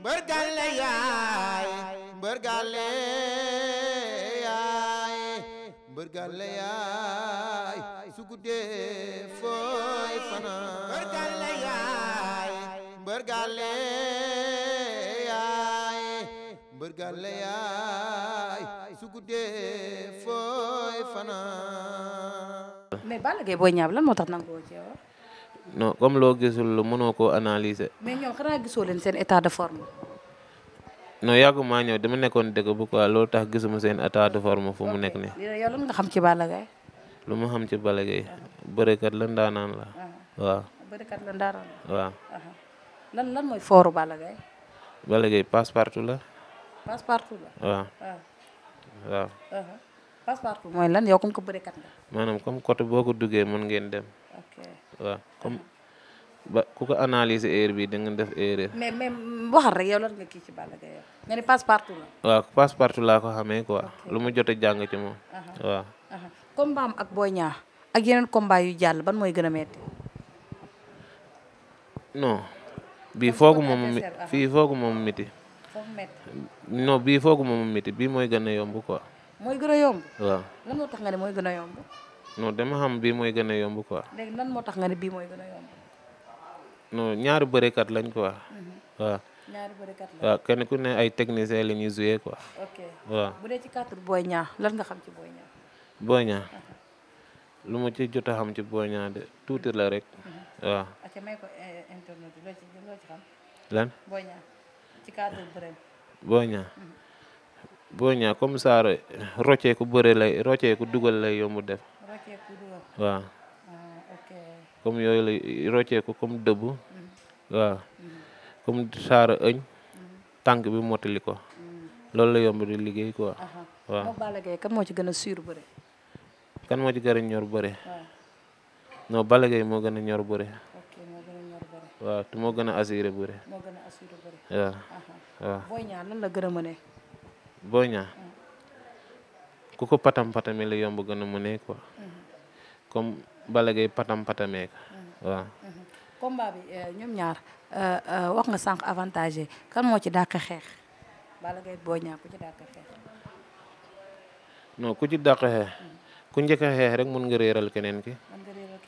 mbër gàlle yaay mbër gàlle yaay mbër gàlle fooy fanaan mbër gàlle yaay mbër gàlle yaay mbër gàlle fooy fanaan mais Balla Gaye Boy Niang lan moo tax nangoo ci wax non comme loo gisul mënoo ko analyser. mais ñoom xanaa gisoo leen seen état de forme. non yàggu maa ñëw dama nekkoon dëkk bu quoi loolu tax gisuma seen état de forme fu mu nekk nii. lan nga xam ci Balla lu ma xam ci Balla Gaye bërekat ah. la ndaanaan la. waaw ah. bërekat la ndaanaan la. waaw. la. Ah. passe partout lan yow comme que maanaam comme côté boo ko duggee mën ngeen dem. waaw comme ba ku ko analyser erreur bi da ngeen def erreur. mais rek yow lan nga kii ci Balla nga ni passe partout la. waaw passe ko xamee quoi lu mu jot a jàng ci moom. waaw. combat am ak Boy Niang yeneen combat yu jàll ban mooy gën a metti. non bii foogu moom foogu moom miti. bii mooy gën a yomb quoi. mooy gën a yomb. waaw non dama xam bii mooy gën a yomb ko moo tax nga ne bii mooy ñaari bërekat lañ quoi. Mhm. waaw kenn ku ne ay technicien la ñuy joué quoi. ok waaw lan nga xam ci Boy mhm. lu ma ci jot a xam ci Boy de tuuti la rek. Mhm. waaw. ok may eh, lan Boy Niang ci cadre bëre. Boy Niang. Boy Niang comme rocceeku bëre lay rocceeku dugal lay yomb def. waaw ah, comme yooyu la rocceeku comme dëbb mm-hmm. waaw mm-hmm. comme saara ëñ mm-hmm. tànk bi motali ko loolu la yomb di liggéey quoi waaw kan moo ci gën a sûr bëre kan moo ci gën a ñor bëre non Balla moo gën a ñor bëre waaw te moo gën a assuré bëre waaw waaw Boy la gën a mëne Boy Niang mm. ku ko patam patami la yomb gën a mëne quoi mm. comme Balla Gaye patam patamee ko waaw. combat euh, ñoom ñaar euh, euh, wax nga sànq avantage kan moo ci dàq xeex Balla Gaye Boy Niang ku ci xeex. ku njëkk a rek mën nga réeral keneen ki. mën nga réeral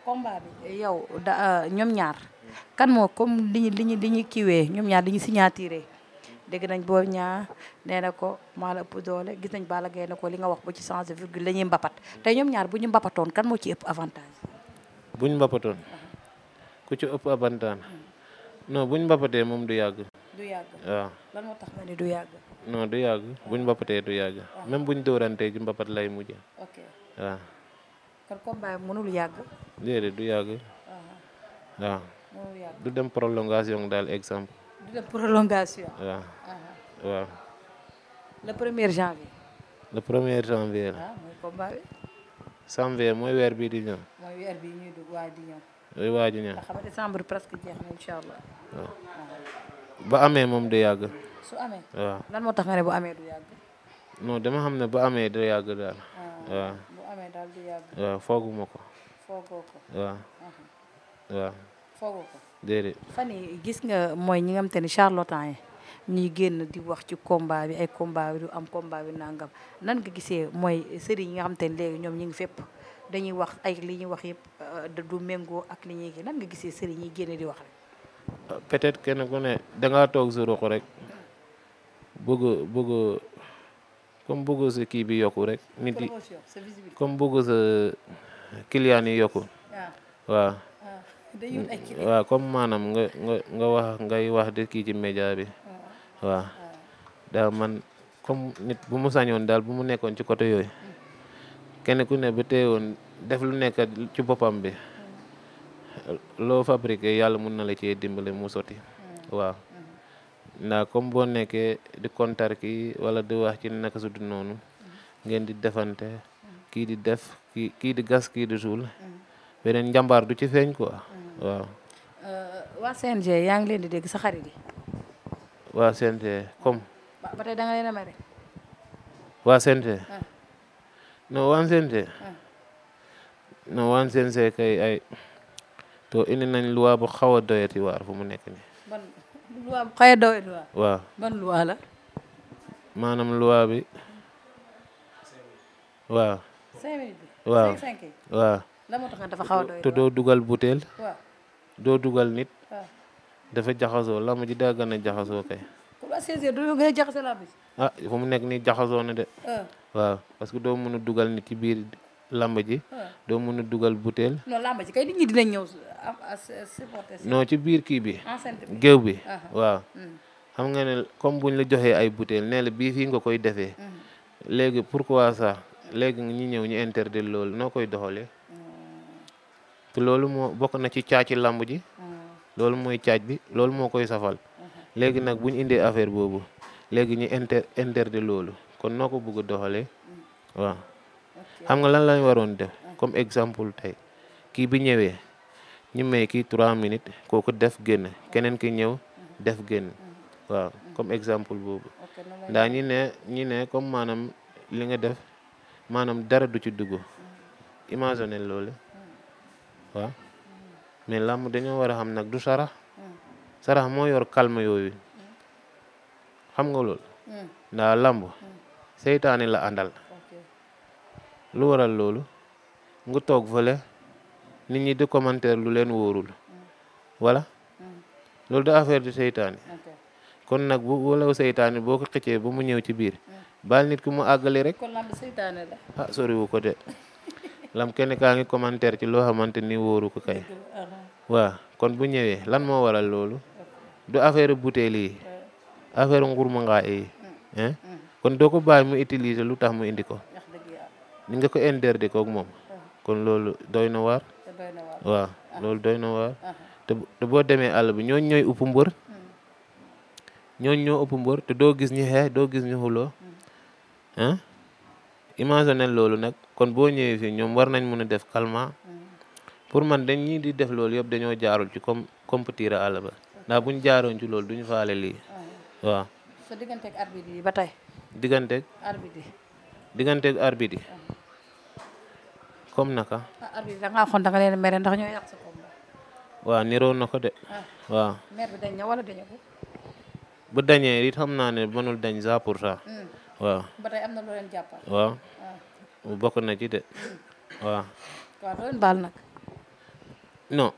keneen ñoom ñaar kan moo comme li ñu li kiiwee ñoom ñaar li ñu signatiré. dégg nañ boo ñaa nee ko mala la doole gis nañ Balla Gaye na ko li nga wax bu ci changé virgule la ñuy mbapat te ñoom ñaar bu ñu mbapatoon kan moo ci ëpp avantage buñ mbapatoon ku ci ëpp avantage non buñ moom du yàgg du yàgg waaw du yàgg buñ mbapatee du yàgg ah. même buñ dóorantee ci mbapat lay mujj ok waaw kon combat mënul yàgg déedéet du yàgg ah. waaw du dem prolongation daal exemple di def prolongation. waaw waaw. janvier. le premier janvier. waaw mooy weer bii di ñëw. mooy weer bii waa di ñëw. presque jeex na ba amee moom du yàgg. su amee lan moo tax nga ne du yàgg. dama xam ne bu amee du yàgg daal. waaw bu amee daal du ko. foogoo ko foogoo ko déedéet gis nga mooy ñi nga xam te ni charlatan yi ñuy génn di wax ci combat bi ay combat bi du am combat bi nangam nan nga gisee mooy sëriñ ñi nga xam te ni léegi ñoom ñu ngi fépp dañuy wax ay li ñuy wax yëpp euh, du méngoo ak li ñuy nan nga gisee sëriñ yi génn di wax rek peut-être kenn ku ne dangaa toog sa ruq rek bëgg comme bëgg sa kii bi yokku rek nit comme bëgg sa client yokku ah. waaw Mm, waaw comme maanam nga nga wax ngay wax di kii ci média bi waaw daa man comme nit bu mu sañoon daal bu mu nekkoon ci côté yooyu kenn ku ne bu teewoon def lu nekk ci boppam bi mm. loo fabriqué yàlla mun na la cee dimbale mu sotti mm. waaw ndax comme boo nekkee di kontar ki wala di wax ci naka su noonu ngeen di defante kii di def kii kii di gas kii di suul beneen njàmbaar du ci feeñ ko waaw. Uh, waa CNG yaa ngi leen di dégg sa xarit yi. waa CNG comme. ba tey da nga leen a mere. Ah. Ah. kay to indi nañ loi bu xaw a doyati waar fu mu nekk nii. ban waaw ban loi waaw. cinq doo dugal butéel. doo dugal nit. Ah. dafa jaxasoo lamb ji daa gën jaxasoo kay. ah fu mu nekk nii jaxasoo na de. Ah. waaw parce que doo mën a dugal nit ci biir lamb ji. Ah. doo mën a dugal butéel. non lamb ji ci biir kii bi. géew bi waaw. Hmm. xam nga ne comme buñ la joxe ay butéel nee bii fii nga koy defee. Hmm. léegi pourquoi ça léegi ñi ñëw ñu interdit loolu noo koy doxalee. loolu moo bokk na ci caaci làmb ji ah. loolu mooy caaj bi loolu moo koy safal uh-huh. léegi nag bu ñu indee affaire boobu léegi ñu inter interdit loolu kon noo ko bëgg doxalee mm. waaw xam nga lan lañ waroon def ah. comme exemple tey kii bi ñëwee ñu may kii trois minutes kooku def génn keneen ki ñëw mm-hmm. def génn mm-hmm. waaw mm-hmm. comme exemple boobu ndaa ñi ne ñi ne comme maanaam li nga def maanaam dara du ci dugg imagine loolu waaw mais làmb dañoo war a xam nag du sarax sarax moo yor calme yooyu xam nga lool ndaa làmb seytaane la àndal lu waral loolu nga toog fële nit ñi di commentaire lu leen wóorul voilà loolu da affaire du seytaane kon nag bu walaw seytaane boo ko xëccee ba mu ñëw ci biir baal ki mu àggale rek kon ah, soriwu ko de lam kenn kaa ngi commentaire ci loo xamante ni wóoru ko kay waaw kon bu ñëwee lan moo waral loolu du affaire butéel yi affaire ngurmangaa yi mm, mm. kon doo ko bàyyi mu utiliser lu tax mu indi ko ni nga ko interdé koog moom mm. kon loolu doy na waar waaw ah. loolu doy na waar te boo demee àll bi ñooñ ñooy upp mbër ñooñ ñoo upp te doo gis ñu xeex doo gis ñu xuloo ah imaginer loolu nag kon boo ñëwee fii ñoom war nañ mën a def calmant mm. pour man dañ ñii di def loolu yëpp dañoo jaarul ci comme compétir à àll ba ndax buñ jaaroon ci lool duñu faale lii mm. waaw. digganteeg tey. digganteeg. arbitre yi. Mm. naka. ah arbitre ndax ñoo yàq sa waaw niroo na ko ah. bu dañee xam naa mënul dañ 100 pour cent. waaw ba tey am na loo leen jàppal. bokk na ci de waaw. nag. non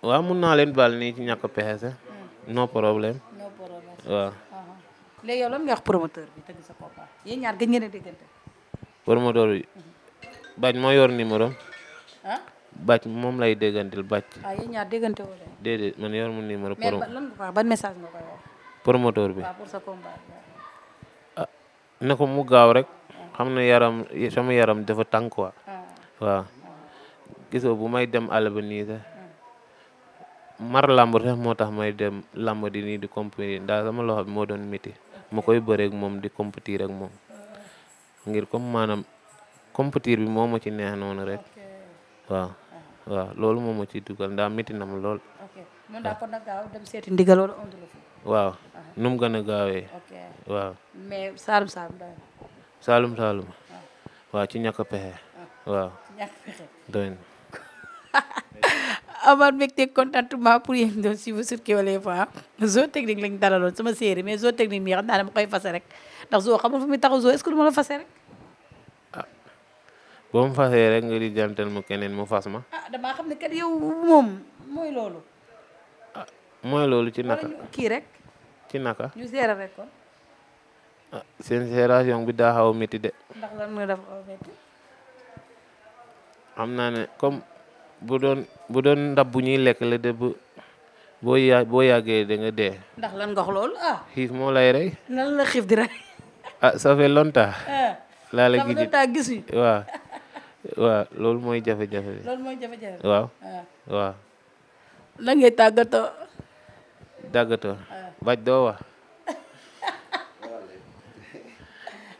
waaw mun naa leen baal ni ci ñàkk a pexe sax hmm. no problème. no problème waaw. Uh-huh. léegi yow promoteur bi tëgg sa combat ñaar gëj ngeen a déggante. promoteur bi hmm. Bac moo yor numéro am. Bac moom lay déggantil Bac. ah yéen ñaar déggante woo leen. déedéet man yor mu numéro. promoteur bi ne ko mu gaaw rek xam ne yaram sama yaram dafa tàng quoi ah. waaw gisoo bu may dem àll nii mar làmb sax moo tax may dem làmb di nii di compétir ndax sama loxo bi moo doon métti moo koy bëreeg moom di compétir ak moom ngir comme maanaam compétir bi moo ma ci neex noonu rek waaw ah. waaw loolu moo ma ci dugal ndax métti na lool. waaw nu mu gën a gaawee. waaw Saalum Saalum doy ah. ci ñàkk pexe ah. waaw. ñàkk pexe doy na. amoon mbégte contentement pour yéen doon suivre sur Kewel Info ah. zone technique lañ dalaloon sama série mais zone technique mi xam naa dama koy fase rek ndax zoo xamul fu muy taxaw zoo est-ce que du ma la fase rek. ah mu fasee rek nga di jantal mu keneen mu fas ma. ah damaa xam ne kat yow moom mooy loolu. mooy loolu ci naka kii rek. ci naka ñu gérer rek ah, seen génération bi daa xaw a métti de. ndax xam naa ne comme bu doon ndab bu ñuy lekk la de bu boo ya boo yàggee da nga dee. ndax lan nga ah. xiif moo lay rey. lan la xiif di rey. ah ça fait longtemps. Ah. laa gis laa gis waaw. loolu mooy jafe-jafe. waaw waaw. dàggatoo baj doo wax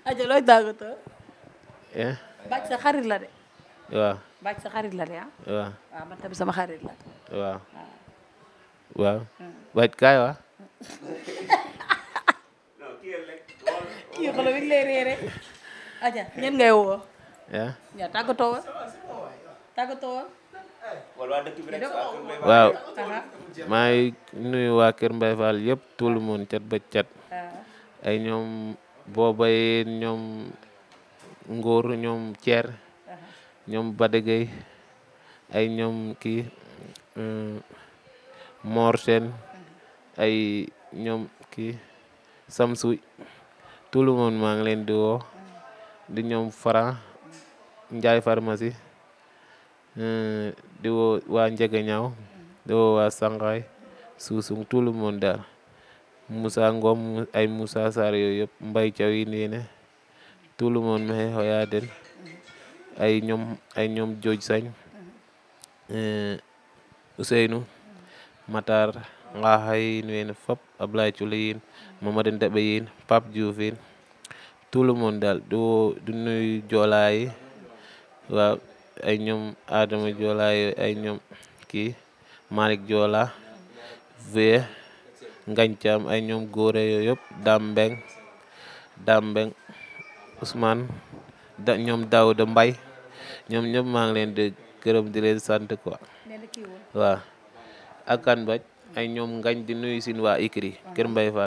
aja looy dàggatoo eh? baj sa xarit la de waaw baj sa xarit la de ah waaw waaw ah, man tamit sama xarit la waaw ah. waaw hmm. baj kaay wax kii xoolal bi lay réere eh? wa waaw maa ngi nuyu waa Kër Mbaye yëpp tout le monde cat ba cat ay ñoom boobaye ñoom ngóor ñoom ceer ñoom badegay ay ñoom kii euh, Mor ay ñoom kii Samsu tout le monde maa ngi leen di woo di ñoom Fara Njaay pharmacie di woo waa Njagañaaw di woo waa Sangaay Suusung daal Moussa Ngom ay Moussa Sarr yooyu yëpp Mbaye Thiaw yi nii ne tout le monde den ay ñoom Jooj Sañ eh, Ousseynou Matar Ngaxa yiin fop Ablaye Culi yiin Mamadi Ndaɓe yiin Pape Diouf yiin tout daal di woo du nuyu ay ñoom Adama Joola yooyu ay ñoom kii Malick Joola Vieux Ngañcaam ay ñoom góore yooyu yëpp Dambeng Dambeng Ousmane da ñoom Daouda mbay ñoom ñëpp maa ngi leen di gërëm di leen sant quoi waaw ak kan ay ñoom ngañ di nuyu sin waa Ikri Kër Mbaye Fall.